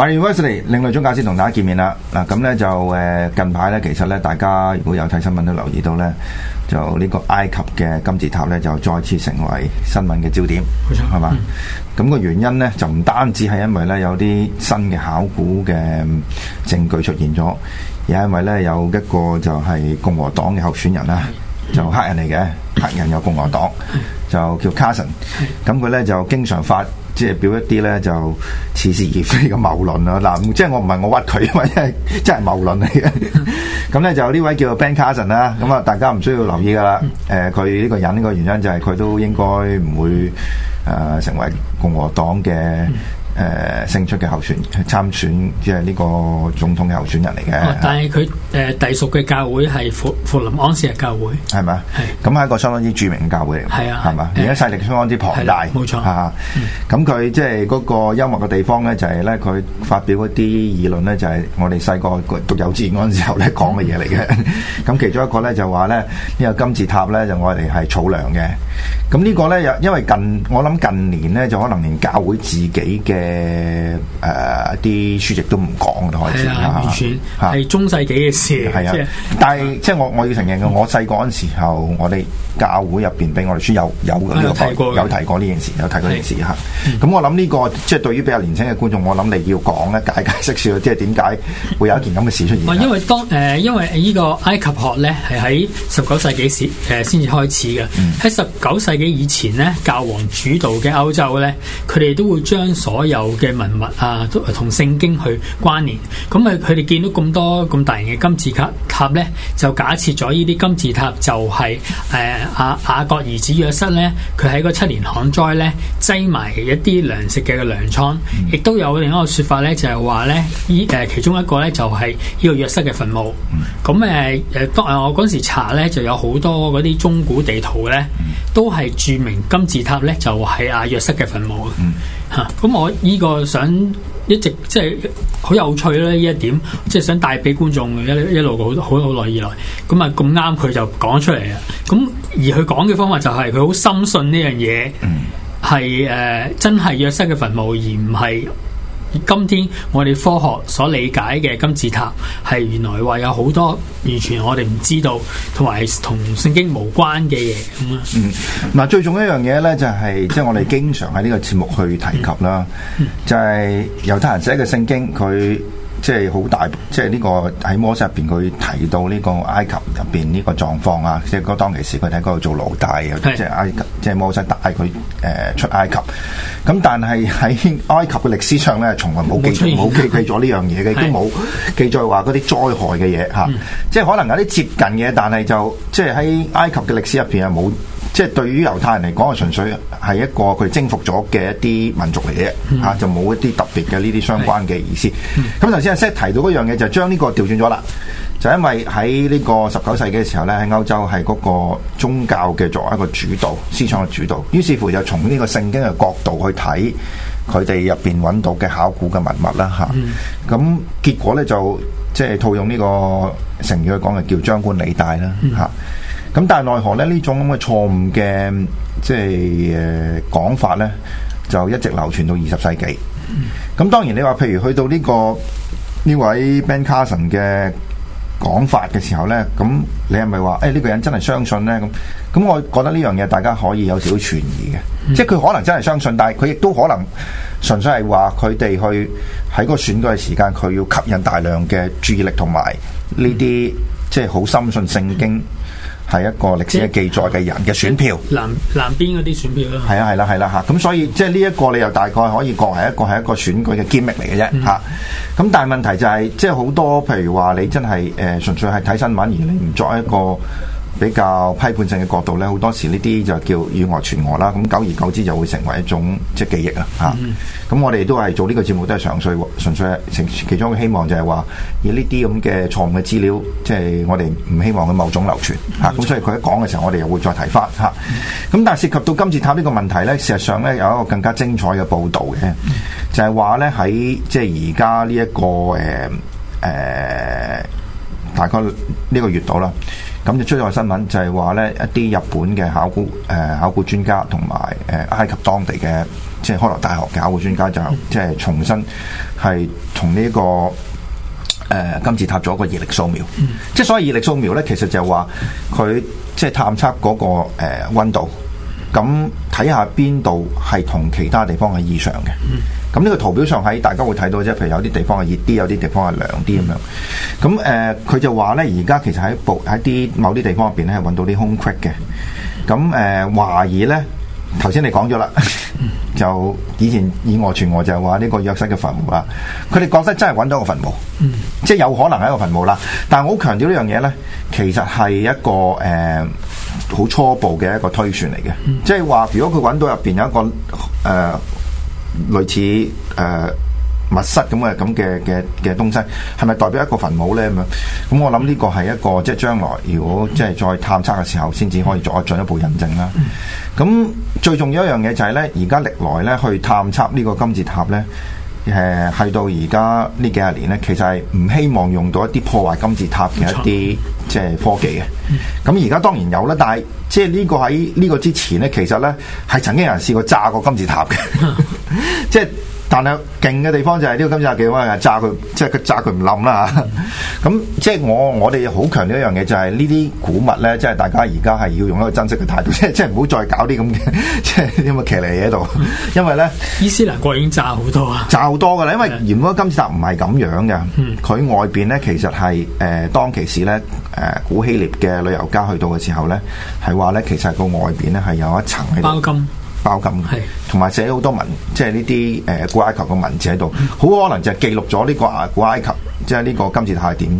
MyRadio.HK，另類宗教史同大家見面啦。嗱，咁呢就誒，近排呢其實呢，大家如果有睇新聞都留意到呢，就呢個埃及嘅金字塔呢就再次成為新聞嘅焦點，係嘛？咁個原因呢就唔單止係因為呢有啲新嘅考古嘅證據出現咗，而係因為呢有一個就係共和黨嘅候選人啦，就黑人嚟嘅黑人，有共和黨，就叫 Carson，咁佢呢就經常發。即係表一啲咧就似是而非嘅謬論啊！嗱，即係我唔係我屈佢，因為真係謬論嚟嘅。咁咧 就呢位叫做 Ben Carson 啦。咁啊，大家唔需要留意噶啦。誒、呃，佢呢個人呢個原因就係佢都應該唔會誒、呃、成為共和黨嘅。 誒、呃，勝出嘅候選參選，即係呢個總統嘅候選人嚟嘅、啊。但係佢誒，隸、呃、屬嘅教會係佛林安士嘅教會，係咪啊？係是。咁係一個相當之著名嘅教會嚟。係啊。係嘛吧？而家勢力相當之龐大。冇錯、啊。咁佢即係嗰個幽默嘅地方咧，就係、是、咧，佢發表一啲議論咧，就係、是、我哋細個讀幼稚園嘅時候咧講嘅嘢嚟嘅。咁 其中一個咧就話咧，呢、這個金字塔咧就我哋係儲糧嘅。咁呢個咧，又因為近我諗近年咧，就可能連教會自己嘅誒一啲書籍都唔講嘅開始啦。係啊，完全係中世紀嘅事。係啊的，就是、但係即係我我要承認嘅，我細個嗰陣時候，我哋教會入邊俾我哋書有有、這個、的有提過有提過呢件事有提過呢件事吓。咁我諗呢、這個即係、就是、對於比較年輕嘅觀眾，我諗你要講咧解釋解釋少啲，點解會有一件咁嘅事出現因、呃？因為當誒因為呢個埃及學咧係喺十九世紀時誒先至開始嘅，喺十九。九世紀以前咧，教皇主導嘅歐洲咧，佢哋都會將所有嘅文物啊，同聖經去關聯。咁啊，佢哋見到咁多咁大型嘅金字塔咧，就假設咗呢啲金字塔就係誒亞亞伯兒子約瑟咧，佢喺個七年旱災咧擠埋一啲糧食嘅糧倉。亦、嗯、都有另一個説法咧，就係話咧，依誒其中一個咧就係呢個約瑟嘅墳墓。咁誒誒，啊、我當我嗰時查咧，就有好多嗰啲中古地圖咧，都係著名金字塔咧，就係阿約瑟嘅墳墓啊！吓，咁我呢個想一直即係好有趣咧，呢一點即係、就是、想帶俾觀眾一一路好好耐以來，咁啊咁啱佢就講出嚟啊！咁而佢講嘅方法就係佢好深信呢樣嘢係誒真係約瑟嘅墳墓，而唔係。今天我哋科學所理解嘅金字塔，係原來話有好多完全我哋唔知道，同埋同聖經無關嘅嘢咁啊。嗯，嗱最重要一樣嘢呢，嗯、就係即係我哋經常喺呢個節目去提及啦，嗯嗯、就係猶太人寫嘅聖經佢。即係好大，即係呢個喺摩西入面，佢提到呢個埃及入面呢個狀況啊！即係嗰當其時佢喺嗰度做奴隸啊，是即係埃及，即係摩西帶佢誒出埃及。咁但係喺埃及嘅歷史上咧，從來冇記冇記載是記咗呢樣嘢嘅，亦都冇記載話嗰啲災害嘅嘢、嗯、即係可能有啲接近嘅，但係就即係喺埃及嘅歷史入面，係冇。即係對於猶太人嚟講，係純粹係一個佢征服咗嘅一啲民族嚟嘅，嚇、mm hmm. 啊、就冇一啲特別嘅呢啲相關嘅意思。咁頭先阿 Zeke 提到嗰樣嘢，就是、將呢個調轉咗啦。就因為喺呢個十九世紀嘅時候咧，喺歐洲係嗰個宗教嘅作為一個主導，思想嘅主導，於是乎就從呢個聖經嘅角度去睇佢哋入邊揾到嘅考古嘅文物啦嚇。咁、啊 mm hmm. 結果咧就即係、就是、套用呢個成語去講，係叫張冠李戴啦嚇。啊 mm hmm. 咁但係奈何咧呢種咁嘅錯誤嘅即係講法咧，就一直流傳到二十世紀。咁當然你話，譬如去到呢個呢位 Ben Carson 嘅講法嘅時候咧，咁你係咪話誒呢個人真係相信咧？咁咁我覺得呢樣嘢大家可以有少少存疑嘅，即係佢可能真係相信，但係佢亦都可能純粹係話佢哋去喺個選舉嘅時間，佢要吸引大量嘅注意力同埋呢啲即係好深信聖經。係一個歷史嘅記載嘅人嘅選票，南南邊嗰啲選票啦，係啊，係啦，係啦嚇，咁、啊啊啊啊啊啊、所以即係呢一個你又大概可以講係一個係一個選舉嘅 gimmick 嚟嘅啫嚇，咁、啊嗯、但係問題就係即係好多譬如話你真係誒、呃、純粹係睇新聞而你唔作一個。比較批判性嘅角度咧，好多時呢啲就叫以訛傳訛啦。咁久而久之，就會成為一種即係記憶、嗯、啊。吓，咁我哋都係做呢個節目，都係純粹純粹，係其中嘅希望就係話，以呢啲咁嘅錯誤嘅資料，即、就、係、是、我哋唔希望佢某種流傳咁、嗯啊、所以佢一講嘅時候，我哋又會再提翻吓。咁、啊、但係涉及到金字塔呢個問題咧，事實上咧有一個更加精彩嘅報道嘅、嗯，就係話咧喺即係而家呢一個誒誒、呃呃，大概呢個月度啦。咁就出咗個新聞就係，就係話呢一啲日本嘅考古誒、呃、考古專家同埋誒埃及當地嘅即係開羅大學嘅考古專家就即係重新係同呢個、呃、金字塔做一個熱力掃描，即係所謂熱力掃描呢，其實就係話佢即係探測嗰、嗰個誒温、呃、度，咁睇下邊度係同其他地方係異常嘅。嗯咁呢個圖表上喺大家會睇到即係，譬如有啲地方係熱啲，有啲地方係涼啲咁樣。咁誒，佢、呃、就話咧，而家其實喺部喺啲某啲地方入面咧，係揾到啲空隙嘅。咁誒，懷疑咧，頭先你講咗啦，嗯、 就以前以訛傳訛就話呢個約瑟嘅墳墓啦。佢哋覺得真係揾到個墳墓，即係、嗯、有可能係一個墳墓啦。但係我好強調呢樣嘢咧，其實係一個誒好、呃、初步嘅一個推算嚟嘅，即係話如果佢揾到入面有一個誒。呃類似誒、呃、密室咁嘅咁嘅嘅嘅東西，係咪代表一個墳墓呢？咁樣？咁我諗呢個係一個即係將來如果即係再探測嘅時候，先至可以再進一步印證啦。咁最重要一樣嘢就係呢，而家歷來呢去探測呢個金字塔呢。誒，係到而家呢幾十年咧，其實係唔希望用到一啲破壞金字塔嘅一啲即係科技嘅。咁而家當然有啦，但係即係呢個喺呢個之前咧，其實咧係曾經有人試過炸過金字塔嘅，即係、嗯。 就是但係勁嘅地方就係呢個金字塔嘅話，炸佢、嗯就是，即係佢炸佢唔冧啦，咁即係我我哋好強調一樣嘢，就係呢啲古物咧，即係大家而家係要用一個珍惜嘅態度，即係即唔好再搞啲咁嘅，即係啲咁嘅騎呢嘢喺度。因為咧，伊斯蘭國已經炸好多啊，炸好多㗎啦。因為原本金字塔唔係咁樣嘅，佢、嗯、外面咧其實係、呃、當其時咧、呃、古希臘嘅旅遊家去到嘅時候咧，係話咧其實個外面咧係有一層包金同埋寫好多文，即係呢啲誒古埃及嘅文字喺度，好可能就係記錄咗呢個阿古埃及，即係呢個金字塔點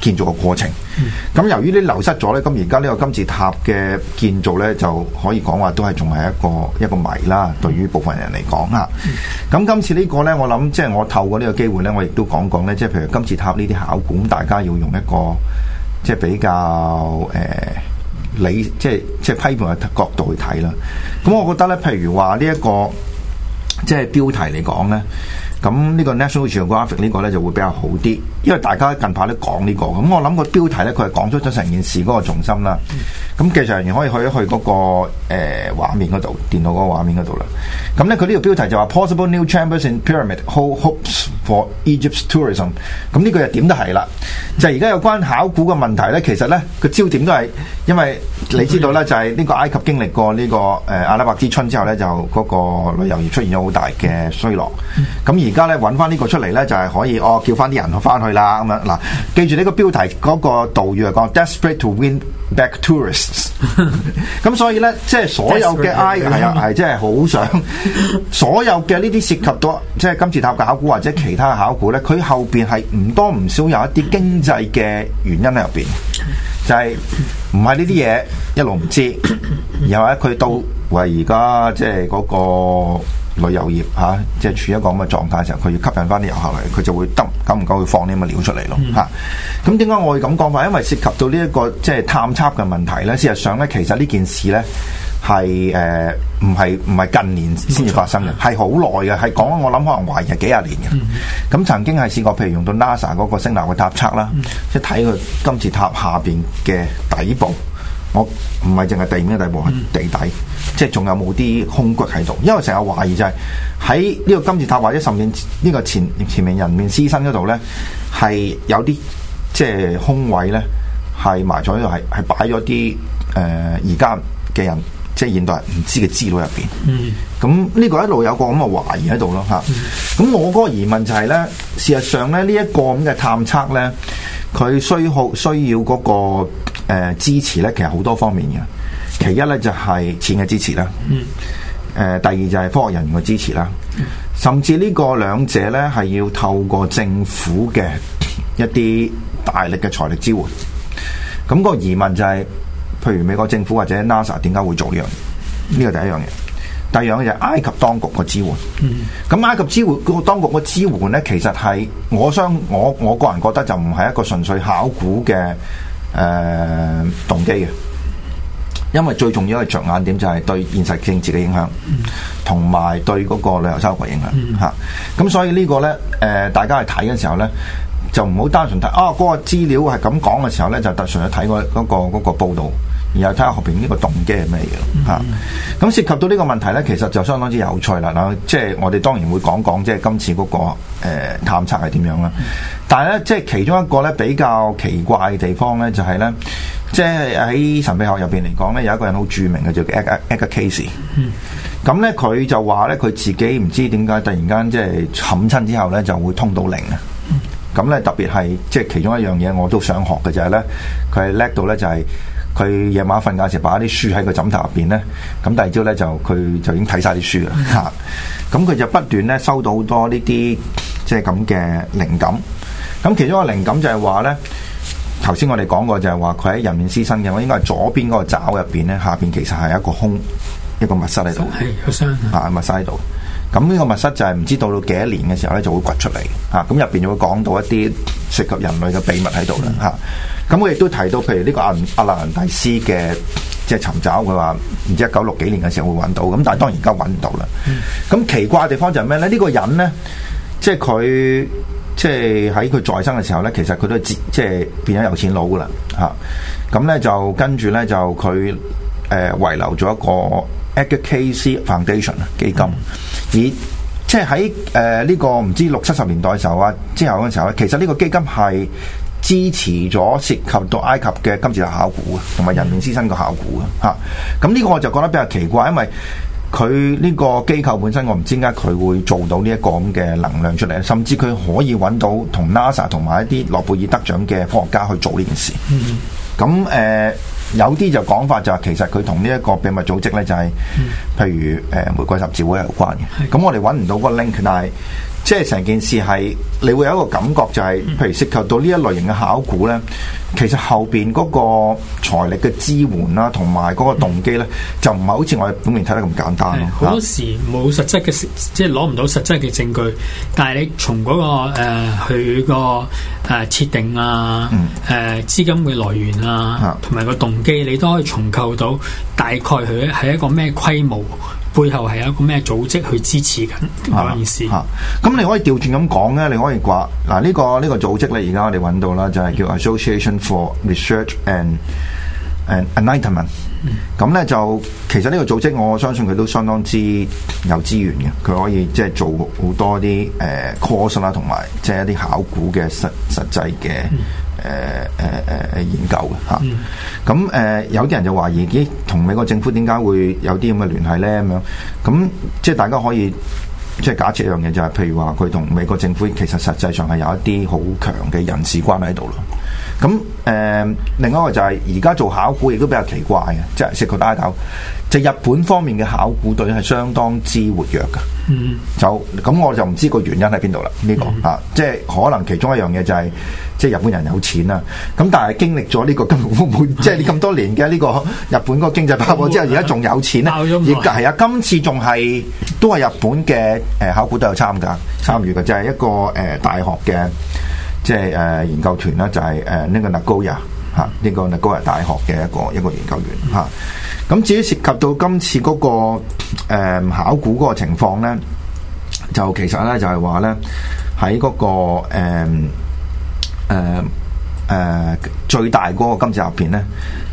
建造嘅過程。咁由於啲流失咗咧，咁而家呢個金字塔嘅建造咧，就可以講話都係仲係一個一個謎啦。對於部分人嚟講啦，咁今次個呢個咧，我諗即係我透過呢個機會咧，我亦都講講咧，即係譬如金字塔呢啲考古，大家要用一個即係比較誒。呃你即係即係批判嘅角度去睇啦。咁我覺得咧，譬如話呢一個即係標題嚟講咧，咁呢個 National Geographic 呢個咧就會比較好啲，因為大家近排都講呢個。咁我諗個標題咧，佢係講出咗成件事嗰個重心啦。咁技術人員可以去一去嗰個畫面嗰度，電腦嗰個畫面嗰度啦。咁咧佢呢個標題就話 possible new chambers in pyramid hold hopes for Egypt's tourism，咁呢個又點都係啦。就而家有關考古嘅問題咧，其實咧個焦點都係，因為你知道咧，就係、是、呢個埃及經歷過呢、這個誒、呃、阿拉伯之春之後咧，就嗰個旅遊業出現咗好大嘅衰落。咁而家咧揾翻呢個出嚟咧，就係、是、可以哦叫翻啲人翻去啦咁樣嗱。記住呢個標題嗰、那個導語係講、嗯，Desperate to win。Back tourists，咁 所以咧，即、就、係、是、所有嘅 I 係 啊係，即係好想所有嘅呢啲涉及到即係、就是、金字塔嘅考古或者其他嘅考古咧，佢後邊係唔多唔少有一啲經濟嘅原因喺入邊，就係唔係呢啲嘢一路唔知，然後咧佢到喂，而家即係嗰個。旅遊業嚇、啊，即係處於一個咁嘅狀態嘅時候，佢要吸引翻啲遊客嚟，佢就會得久唔久會放啲咁嘅料出嚟咯嚇。咁點解我會咁講法？因為涉及到呢、這、一個即係探測嘅問題咧。事實上咧，其實呢件事咧係誒唔係唔係近年先至發生嘅，係好耐嘅。係講我諗可能懷疑幾廿年嘅。咁、嗯、曾經係試過，譬如用到 NASA 嗰個升級嘅探測啦，即係睇佢金字塔下邊嘅底部。我唔係淨係地面嘅底部，係地底。嗯嗯即係仲有冇啲空骨喺度？因為成日懷疑就係喺呢個金字塔，或者甚至呢個前前，前面人面獅身嗰度咧，係有啲即係空位咧，係埋咗喺度，係係擺咗啲誒而家嘅人，即係現代人唔知嘅資料入邊。嗯，咁呢個一路有個咁嘅懷疑喺度咯，吓。咁我嗰個疑問就係、係、咧，事實上咧呢一、呢個咁嘅探測咧，佢需要需要嗰、嗰個誒、呃、支持咧，其實好多方面嘅。其一咧就係錢嘅支持啦，誒，第二就係科學人員嘅支持啦，甚至呢個兩者咧係要透過政府嘅一啲大力嘅財力支援。咁個疑問就係，譬如美國政府或者 NASA 點解會做呢樣？呢個第一樣嘢，第二樣嘢就係埃及當局嘅支援。咁埃及支援個當局嘅支援咧，其實係我相我我個人覺得就唔係一個純粹考古嘅誒、呃、動機嘅。因為最重要嘅着眼點就係對現實政治嘅影響，同埋、嗯、對嗰個旅遊收入嘅影響嚇。咁、嗯啊、所以呢個呢，誒、呃、大家去睇嘅時候呢，就唔好單純睇啊嗰、那個資料係咁講嘅時候呢，就特純去睇、那個嗰、那個嗰報導，然後睇下後邊呢個動機係咩嘢嚇。咁、啊嗯啊、涉及到呢個問題呢，其實就相當之有趣啦、啊。即係我哋當然會講講即係今次嗰、那個、呃、探測係點樣啦。啊嗯、但係呢，即係其中一個呢，比較奇怪嘅地方呢，就係、是、呢。即係喺神秘學入邊嚟講咧，有一個人好著名嘅、嗯、就叫 Edgar Cayce。咁咧佢就話咧，佢自己唔知點解突然間即係冚親之後咧，就會通到靈啊。咁咧、嗯、特別係即係其中一樣嘢，我都想學嘅就係、是、咧，佢係叻到咧就係佢夜晚瞓覺時擺啲書喺個枕頭入邊咧，咁第二朝咧就佢就已經睇晒啲書喇。咁佢、嗯、就不斷咧收到好多呢啲即係咁嘅靈感。咁其中一個靈感就係話咧。頭先我哋講過就係話佢喺人面獅身嘅話，應該係左邊嗰個爪入邊咧，下邊其實係一個空，一個密室喺度。係有啊，密室喺度。咁呢個密室就係唔知到到幾多年嘅時候咧，就會掘出嚟。吓咁入邊就會講到一啲涉及人類嘅秘密喺度啦。吓咁我亦都提到，譬如呢個阿蘭阿蘭大師嘅即係尋找，佢話唔知一九六幾年嘅時候會搵到，咁但係當然而家搵唔到啦。咁奇怪嘅地方就係咩咧？呢、這個人咧，即係佢。即係喺佢在生嘅時候呢，其實佢都即係變咗有錢佬噶啦嚇。咁、啊、呢就跟住呢，就佢誒遺留咗一個 Education Foundation 基金，而即係喺誒呢個唔知六七十年代嘅時候啊，之後嘅時候呢，其實呢個基金係支持咗涉及到埃及嘅金字塔考古同埋人面獅身個考古啊嚇。咁呢個我就覺得比較奇怪，因為。佢呢個機構本身，我唔知點解佢會做到呢一個咁嘅能量出嚟，甚至佢可以揾到同 NASA 同埋一啲諾貝爾得獎嘅科學家去做呢件事。嗯咁誒，有啲就講法就係其實佢同呢一個秘密組織呢、就係，就係、mm hmm. 譬如誒、呃、玫瑰十字會有關嘅。咁的我哋揾唔到個 link，但係。即係成件事係，你會有一個感覺就係、是，譬如涉及到呢一類型嘅考古咧，其實後邊嗰個財力嘅支援啦，同埋嗰個動機咧，就唔係好似我哋表面睇得咁簡單咯。好多時冇實質嘅，是即係攞唔到實質嘅證據，但係你從嗰、那個誒佢、呃那個誒設定啊、誒、嗯呃、資金嘅來源啊，同埋是個動機，你都可以重構到大概佢係一個咩規模。背後係有一個咩組織去支持緊，咁樣意思、啊。咁、啊、你可以調轉咁講咧，你可以話嗱呢個呢、呢個組織咧，而家我哋揾到啦，就係、是、叫 Association for Research and and Enlightenment An、嗯。咁咧就其實呢個組織，我相信佢都相當之有資源嘅，佢可以即係做好多啲誒、呃、course 啦，同埋即係一啲考古嘅實實際嘅。誒誒誒，研究嘅吓，咁、啊、誒、啊啊、有啲人就懷疑，咦，同美國政府點解會有啲咁嘅聯繫咧？咁、啊、樣，咁即係大家可以，即係假設一樣嘢就係，譬如話佢同美國政府其實實際上係有一啲好強嘅人事關係喺度咯。咁、呃、另外一個就係而家做考古亦都比較奇怪嘅，即係食個大頭。就日本方面嘅考古隊係相當之活躍嘅，嗯，就咁我就唔知個原因喺邊度啦。呢個、嗯、啊，即係可能其中一樣嘢就係即係日本人有錢啦。咁但係經歷咗呢個金融風暴，即係你咁多年嘅呢個日本嗰個經濟爆破之後，而家仲有錢咧，亦係啊，今次仲係都係日本嘅考古隊有參加參與嘅，就係一個、呃、大學嘅。即係誒研究團呢，就係誒呢個 Nagoya 吓，呢個 Nagoya 大學嘅一個一個研究員吓。咁至於涉及到今次嗰、那個、嗯、考古嗰個情況咧，就其實咧就係話咧喺嗰個誒、嗯啊啊、最大嗰個金字塔入邊咧，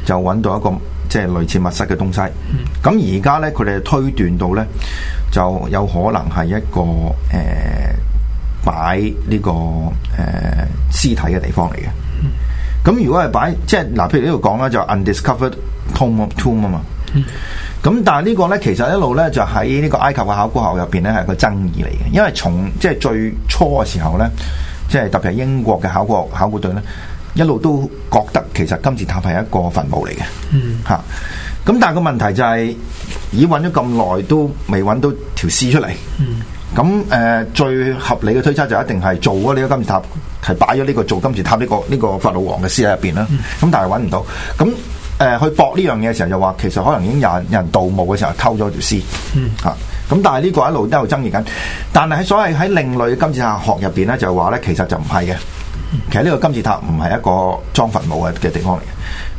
就揾到一個即係、就是、類似密室嘅東西。咁而家咧，佢哋推斷到咧，就有可能係一個誒。呃擺呢、這個誒屍、呃、體嘅地方嚟嘅，咁如果係擺即係嗱，譬如呢度講啦，就 undiscovered tomb of tomb 啊嘛，咁但係呢個咧，其實一路咧就喺呢個埃及嘅考古學入邊咧係一個爭議嚟嘅，因為從即係最初嘅時候咧，即係特別係英國嘅考古考古隊咧，一路都覺得其實金字塔係一個墳墓嚟嘅，吓、嗯、咁、啊、但係個問題就係、是、咦，揾咗咁耐都未揾到條屍出嚟。嗯咁誒、呃、最合理嘅推測就一定係做咗呢個金字塔係擺咗呢個做金字塔呢、呢個呢、呢個法老王嘅屍喺入邊啦。咁、嗯、但係揾唔到。咁誒、呃、去博呢樣嘢嘅時候，就話其實可能已經有人盜墓嘅時候就偷咗條屍咁、嗯啊、但係呢個一路都有爭議緊。但係喺所謂喺另類金字塔學入面咧，就話咧其實就唔係嘅。嗯、其實呢個金字塔唔係一個裝墳墓嘅嘅地方嚟嘅。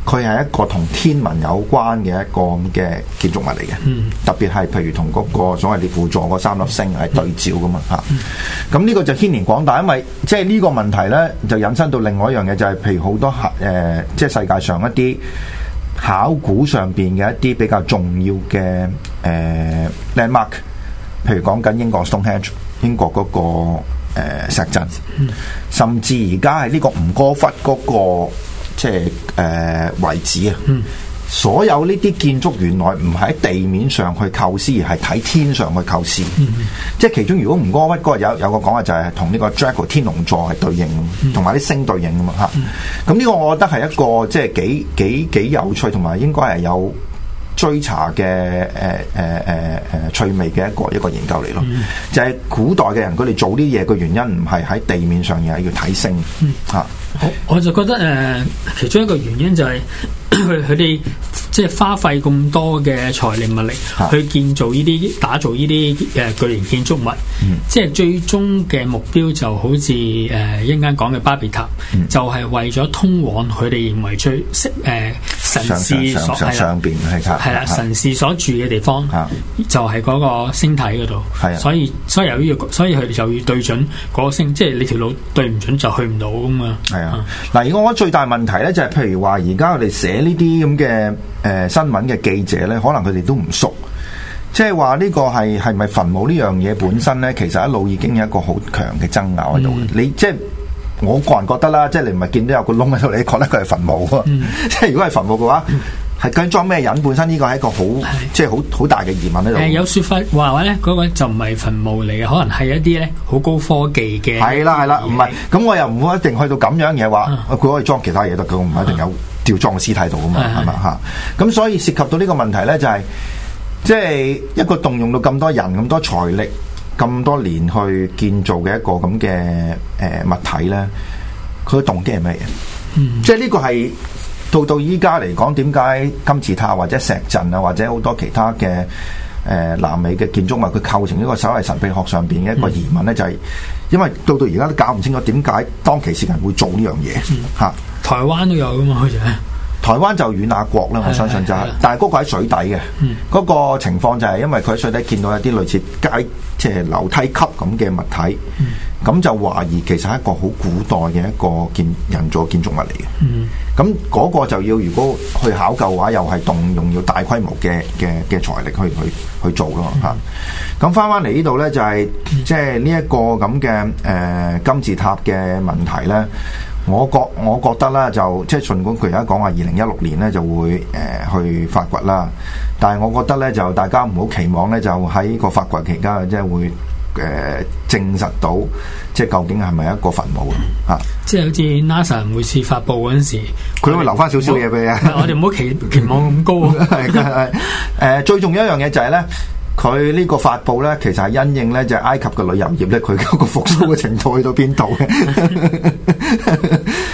佢係一個同天文有關嘅一個咁嘅建築物嚟嘅，特別係譬如同嗰個所謂獵戶座個三粒星係對照噶嘛，吓、啊。咁、嗯、呢、嗯嗯、個就牽連廣大，因為即係呢個問題咧，就引申到另外一樣嘢，就係、是、譬如好多吓誒、呃，即係世界上一啲考古上邊嘅一啲比較重要嘅誒、呃、landmark，譬如講緊英國 Stonehenge，英國嗰、那個誒、呃、石陣，甚至而家係呢個吳哥窟嗰、那個。即係誒遺址啊，呃嗯、所有呢啲建築原來唔喺地面上去構思，而係睇天上去構思。嗯嗯、即係其中，如果吳哥、屈哥有有個講話，就係同呢個 dragon 天龍座係對應，同埋啲星對應，咁咁呢個我覺得係一個即係幾幾幾有趣，同埋應該係有追查嘅誒誒誒誒趣味嘅一個一個研究嚟咯。嗯、就係古代嘅人佢哋做啲嘢嘅原因，唔係喺地面上而係要睇星吓。嗯嗯我好我就覺得誒、呃，其中一個原因就係佢佢哋。即係花費咁多嘅財力物力去建造呢啲、打造呢啲誒巨型建築物，即係最終嘅目標就好似誒一陣間講嘅巴比塔，就係為咗通往佢哋認為最誒神士所上邊係㗎，係啦，神士所住嘅地方就係嗰個星體嗰度，所以所以由於所以佢哋就要對準嗰個星，即係你條路對唔準就去唔到㗎嘛。係啊，嗱，而我覺得最大問題咧就係譬如話而家我哋寫呢啲咁嘅。誒、呃、新聞嘅記者咧，可能佢哋都唔熟，即係話呢個係係咪墳墓呢樣嘢本身咧？嗯、其實一路已經有一個好強嘅爭拗喺度。嗯、你即係、就是、我個人覺得啦，即、就、係、是、你唔係見到有個窿喺度，你覺得佢係墳墓即係、嗯、如果係墳墓嘅話，係究竟、嗯、裝咩人？本身呢個係一個好是即係好好大嘅疑問喺度、嗯呃。有說法話話咧，嗰、那個就唔係墳墓嚟嘅，可能係一啲咧好高科技嘅。係啦係啦，唔係咁我又唔一定去到咁樣嘢話，佢、啊、可以裝其他嘢得佢唔一定有。啊啊吊葬嘅屍體度啊嘛，係嘛吓，咁的所以涉及到呢個問題咧，就係、是、即係一個動用到咁多人、咁、嗯、多財力、咁多年去建造嘅一個咁嘅誒物體咧，佢嘅動機係咩嘢？嗯、即係呢個係到到依家嚟講，點解金字塔或者石陣啊，或者好多其他嘅誒、呃、南美嘅建築物，佢構成呢個所謂神秘學上邊嘅一個疑問咧，嗯、就係、是、因為到到而家都搞唔清楚點解當其時人會做呢樣嘢，吓、嗯。台灣都有噶嘛？好似係台灣就遠亞國啦，的我相信就係、是，的但係嗰個喺水底嘅，嗰、嗯、個情況就係因為佢喺水底見到一啲類似階即係樓梯級咁嘅物體，咁、嗯、就懷疑其實係一個好古代嘅一個建人造建築物嚟嘅。咁嗰、嗯、個就要如果去考究嘅話，又係動用要大規模嘅嘅嘅財力去去去做咯吓。咁返返嚟呢度呢，就係即係呢一個咁嘅誒金字塔嘅問題呢。我覺我覺得咧就即係，儘管佢而家講話二零一六年咧就會誒、呃、去發掘啦，但係我覺得咧就大家唔好期望咧，就喺個發掘期間即係會誒、呃、證實到即係究竟係咪一個墳墓、嗯、啊？即係好似 NASA 每次發布嗰陣時，佢都會留翻少少嘢俾你啊。我哋唔好期期望咁高啊、嗯！誒、 呃，最重要一樣嘢就係咧。佢呢個發布呢，其實係因應呢就係、埃及嘅旅遊業呢佢嗰個復甦嘅程度去到邊度嘅？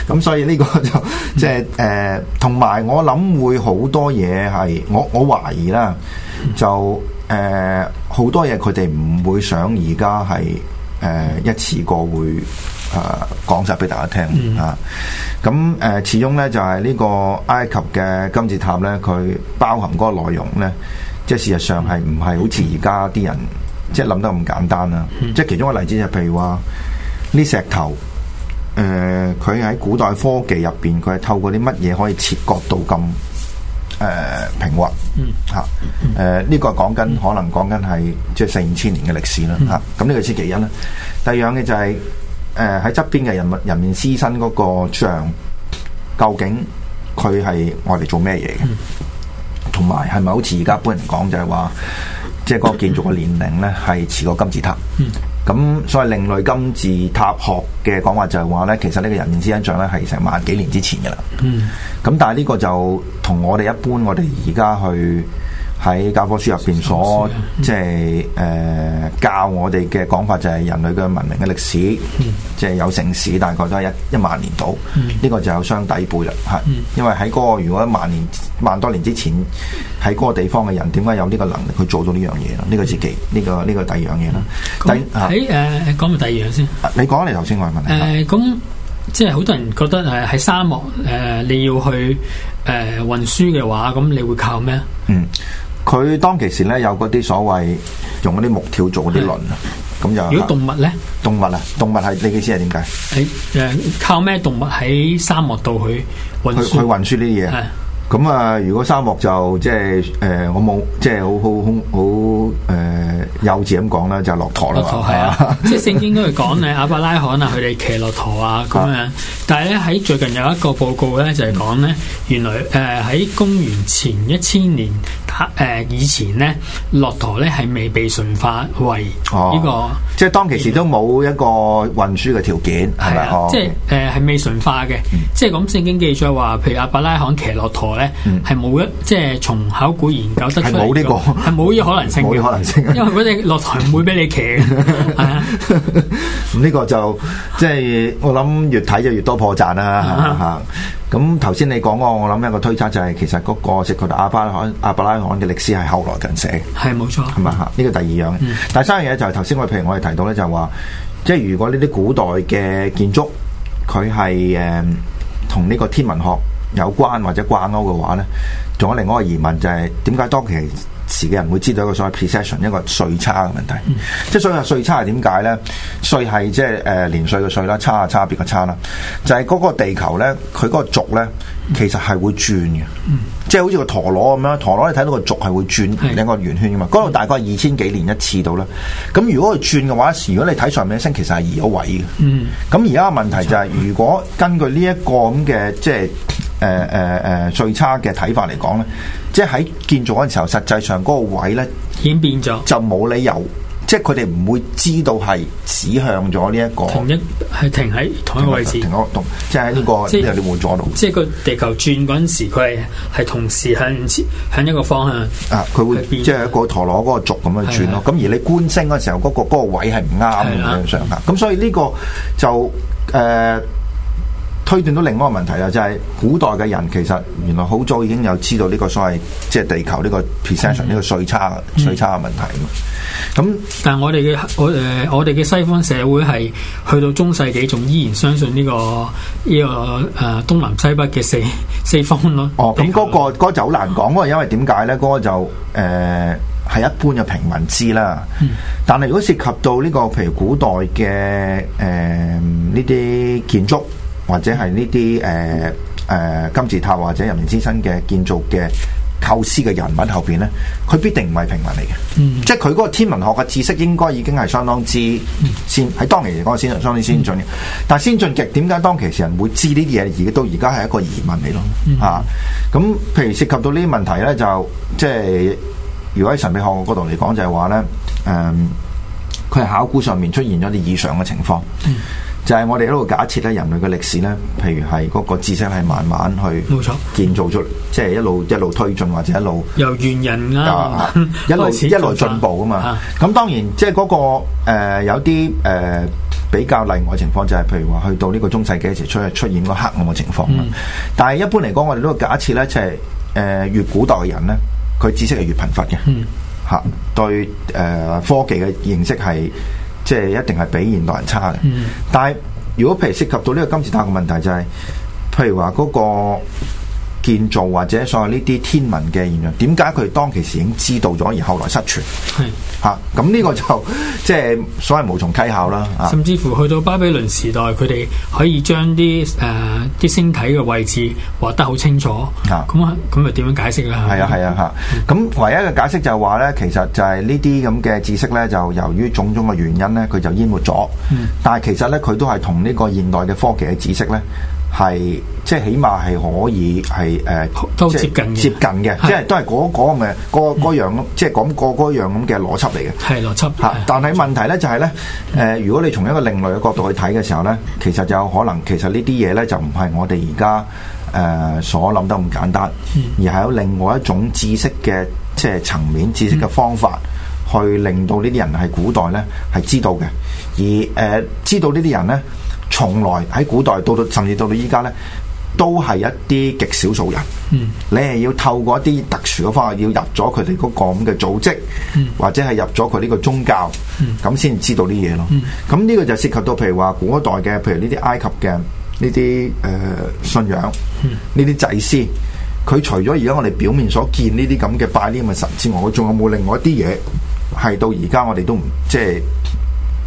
咁 所以呢個就即係同埋我諗會好多嘢係，我我懷疑啦，嗯、就誒好、呃、多嘢佢哋唔會想而家係一次過會誒、呃、講曬俾大家聽、嗯、啊。咁誒、呃，始終呢，就係、是、呢個埃及嘅金字塔呢，佢包含嗰個內容呢。即係事實上係唔係好似而家啲人即係諗得咁簡單啦。即係其中個例子就譬如話呢石頭，誒、呃，佢喺古代科技入邊，佢係透過啲乜嘢可以切割到咁誒、呃、平滑？吓、嗯，誒、嗯、呢、啊，這個講緊、嗯嗯、可能講緊係即係四五千年嘅歷史啦。吓、啊，咁呢個先其一啦。第二樣嘅就係誒喺側邊嘅人物人面獅身嗰個像，究竟佢係我哋做咩嘢嘅？嗯同埋係咪好似而家一般人講就係話，即係個建築嘅年齡咧係似個金字塔。嗯，咁所謂另類金字塔學嘅講話就係話咧，其實呢個人面之印象咧係成萬幾年之前嘅啦。嗯，咁但係呢個就同我哋一般，我哋而家去。喺教科書入邊所即係誒教我哋嘅講法就係人類嘅文明嘅歷史，即係、嗯、有城市，大概都得係一一萬年到呢、嗯、個就有相底背啦，吓！嗯、因為喺嗰、嗰個如果一萬年萬多年之前喺嗰個地方嘅人，點解有呢個能力去做到這件事呢樣嘢，呢個自己呢、呢個呢、呢個第二樣嘢啦。第誒講埋第二樣先。你講嚟頭先我係問題。誒、呃，咁即係好多人覺得誒喺沙漠誒、呃、你要去誒運輸嘅話，咁你會靠咩？嗯。佢當其時咧，有嗰啲所謂用嗰啲木條做嗰啲輪啊，咁就。如果動物咧，動物啊，動物係你意思係點解？喺誒，靠咩動物喺沙漠度去運去運輸呢啲嘢？咁啊，如果沙漠就即係誒，我冇即係好好好好誒幼稚咁講啦，就駱駝啦嘛。係啊，即係聖經都係講咧，亞伯拉罕啊，佢哋騎駱駝啊咁樣。但係咧喺最近有一個報告咧，就係講咧，原來誒喺公元前一千年。誒，以前咧駱駝咧係未被馴化為，呢、這個，哦、即係當其時都冇一個運輸嘅條件，係咪？是啊、Okay. 即係誒，係未馴化嘅，即係咁聖經，記載話，譬如阿伯拉罕騎駱駝咧，係冇一，即係從考古研究得出嚟，冇呢、這個，係冇可能性，冇可能性，因為嗰隻駱駝唔會俾你騎係 啊，呢、 嗯這個就即係我諗越睇就越多破綻啦、啊。嗯哼咁頭先你講嗰個，我諗一個推測就係、是、其實嗰個石國的阿巴罕、阿伯拉罕嘅歷史係後來人寫，係冇錯，係咪嚇？呢、這個第二樣。第、嗯、三樣嘢就係頭先我譬如我哋提到咧就係話、是，即係如果呢啲古代嘅建築佢係誒同呢個天文學有關或者掛鈎嘅話咧，仲有另外一個疑問就係點解當其時嘅人會知道一個所謂 precession 一個歲差嘅問題，即係所以話歲差係點解咧？歲係即係誒年歲嘅歲啦，差係差別嘅差啦，就係、是、嗰個地球咧，佢嗰個軸咧，其實係會轉嘅，嗯、即係好似個陀螺咁樣，陀螺你睇到個軸係會轉兩個圓圈嘅嘛，嗰個、嗯、大概二千幾年一次到啦。咁如果佢轉嘅話，如果你睇上面的星其實係移咗位嘅。咁而家嘅問題就係、是，如果根據呢一個咁嘅即係。就是誒誒誒，最差嘅睇法嚟講咧，即係喺建造嗰陣時候，實際上嗰個位咧，已經變咗就冇理由，即係佢哋唔會知道係指向咗呢、這個、一個同一係停喺同一個位置，停，停，停、嗯、即係喺呢個即個你換咗度，即係個地球轉嗰陣時，佢係係同時向向一個方向啊，佢會變了即係一個陀螺嗰個軸咁樣轉咯。咁、啊、而你觀星嗰時候，嗰、那個、那個位係唔啱嘅，事實、啊、上吓，咁所以呢個就誒。呃推斷到另外一個問題啦，就係、是、古代嘅人其實原來好早已經有知道呢個所謂即係地球呢個 p e r c e n t 呢個歲差、嗯、歲差嘅問題。咁但係我哋嘅、呃、我誒我哋嘅西方社會係去到中世紀仲依然相信呢、呢個呢、呢個誒、呃、東南西北嘅四四方咯。哦，咁嗰、嗰個嗰個就好難講，嗰個、因為點解咧？嗰、嗰個就誒係、呃、一般嘅平民知啦。嗯、但係如果涉及到呢、呢個譬如古代嘅誒呢啲建築。或者係呢啲誒誒金字塔或者人民之身嘅建築嘅構思嘅人物後邊咧，佢必定唔係平民嚟嘅，嗯、即係佢嗰個天文學嘅知識應該已經係相當之先喺、嗯、當期嚟講係相當之先進嘅。嗯、但係先進極，點解當期時人會知呢啲嘢？而家到而家係一個疑問嚟咯嚇。咁、嗯嗯啊、譬如涉及到呢啲問題咧，就即係如果喺神秘學角度嚟講，就係話咧，誒佢係考古上面出現咗啲異常嘅情況。嗯就係我哋喺度假設咧，人類嘅歷史咧，譬如係嗰個知識係慢慢去建造出，即係冇錯、一路一路推進或者一路由猿人啊，啊，一路 一路進步啊嘛。咁、啊、當然，即係嗰個誒、呃、有啲誒、呃、比較例外嘅情況，就係譬如話去到呢個中世紀時出出現嗰黑暗嘅情況、嗯、但係一般嚟講，我哋都假設咧，就係、是、誒、呃、越古代嘅人咧，佢知識係越貧乏嘅，吓、嗯啊、對誒、呃、科技嘅認識係。即係一定係比現代人差嘅，嗯、但係如果譬如涉及到呢個金字塔嘅問題、就係，就係譬如話嗰、嗰個。建造或者所有呢啲天文嘅現象，點解佢當其時已經知道咗，而後來失傳？係嚇是，咁呢、啊、個就即係、 就是、所謂無從稽考啦。甚至乎去到巴比倫時代，佢哋可以將啲誒啲星體嘅位置畫得好清楚。啊，咁啊，咁啊，點樣解釋啦？係啊，係啊，嚇、啊！咁、嗯啊、唯一嘅解釋就係話咧，其實就係呢啲咁嘅知識咧，就由於種種嘅原因咧，佢就淹沒咗。嗯、但係其實咧，佢都係同呢個現代嘅科技嘅知識咧。係即係，起碼係可以係誒，即、呃、接近接近嘅，是的即係都係嗰嗰咁嘅嗰嗰樣，嗯、即係咁嗰嗰樣咁嘅邏輯嚟嘅。係邏輯吓，但係問題咧就係、是、咧，誒、嗯呃，如果你從一個另類嘅角度去睇嘅時候咧，其實就有可能，其實呢啲嘢咧就唔係我哋而家誒所諗得咁簡單，嗯、而係有另外一種知識嘅即係層面、知識嘅方法，嗯、去令到呢啲人喺古代咧係知道嘅，而誒、呃、知道呢啲人呢啲人咧。從來喺古代到到甚至到到依家咧，都係一啲極少數人。嗯，你係要透過一啲特殊嘅方法，要入咗佢哋嗰個咁嘅組織，嗯，或者係入咗佢呢個宗教，咁先、嗯、知道啲嘢咯。嗯，咁呢個就涉及到譬如話古代嘅，譬如呢啲埃及嘅呢啲誒信仰，呢啲、嗯、祭司，佢除咗而家我哋表面所見呢啲咁嘅拜呢啲咁嘅神之外，佢仲有冇另外一啲嘢係到而家我哋都唔即係？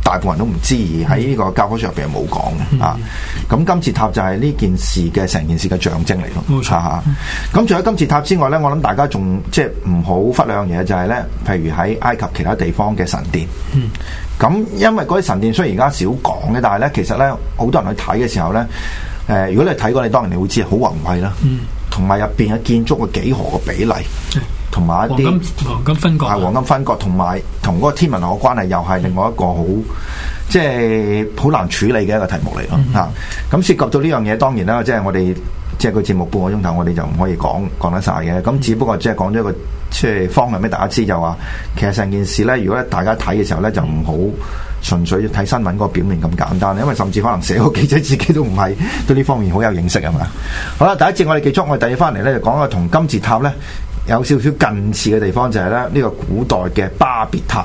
大部分人都唔知，而喺呢個教科書入邊冇講嘅啊。咁金字塔就係呢件事嘅成件事嘅象徵嚟咯。冇錯，咁、嗯啊、除咗金字塔之外呢，我諗大家仲即係唔好忽略樣嘢，就係呢，譬如喺埃及其他地方嘅神殿。咁、嗯啊、因為嗰啲神殿雖然而家少講嘅，但係呢，其實呢，好多人去睇嘅時候呢，呃、如果你睇過你，你當然你會知，好宏偉啦。同埋入面嘅建築嘅幾何嘅比例。嗯同埋一啲黃金分割，係黃金分割，同埋同個天文學關係，又係另外一個好即係好難處理嘅一個題目嚟咯。嚇咁、嗯、涉及到呢樣嘢，當然啦，即係我哋即係個節目半個鐘頭，我哋就唔可以講講得晒嘅。咁、嗯、只不過即係講咗一個即係、呃、方向俾大家知就說，就話其實成件事呢，如果大家睇嘅時候呢，就唔好純粹睇新聞嗰個表面咁簡單，因為甚至可能寫個記者自己都唔係對呢方面好有認識，係嘛。好啦，第一節我哋結束，我哋第二翻嚟呢，就講一個，同金字塔呢。有少少近似嘅地方就係咧，呢個古代嘅巴別塔。